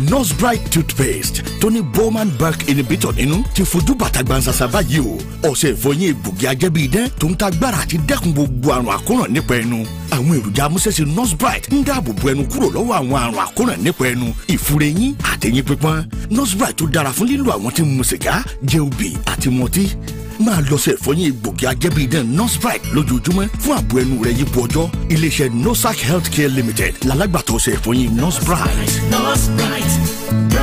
Nosbrite toothpaste tó ní Bowman Burke inhibitor nínú ti fojú bàtà gbansasa báyìí o ọ̀sẹ̀ ìfọyín egbògi ajẹ́bíidẹ́ tó ń ta gbára àti dẹ́kun gbogbo àrùn àkóràn nípa ẹnu àwọn èròjà amúṣẹ́ṣe Nosbrite ń dáàbò bo ẹnu kúrò lọ́wọ́ àwọn àrùn àkóràn nípa ẹnu ìfúre yín àtẹ̀yìn pípọ́n Nosbrite tó dára fún lílo àwọn tí ń mu sìgá jẹ obì àti mọtí máa lọ sí ẹ̀fọ́yín egbògi ajẹ́bíidán nonsprite lójoojúmọ́ fún ààbò ẹnu rẹ yípo ọjọ́ iléeṣẹ́ nosac healthcare limited làlágbàtọ̀ sí ẹ̀fọ́yín nonsprite. nonsprite.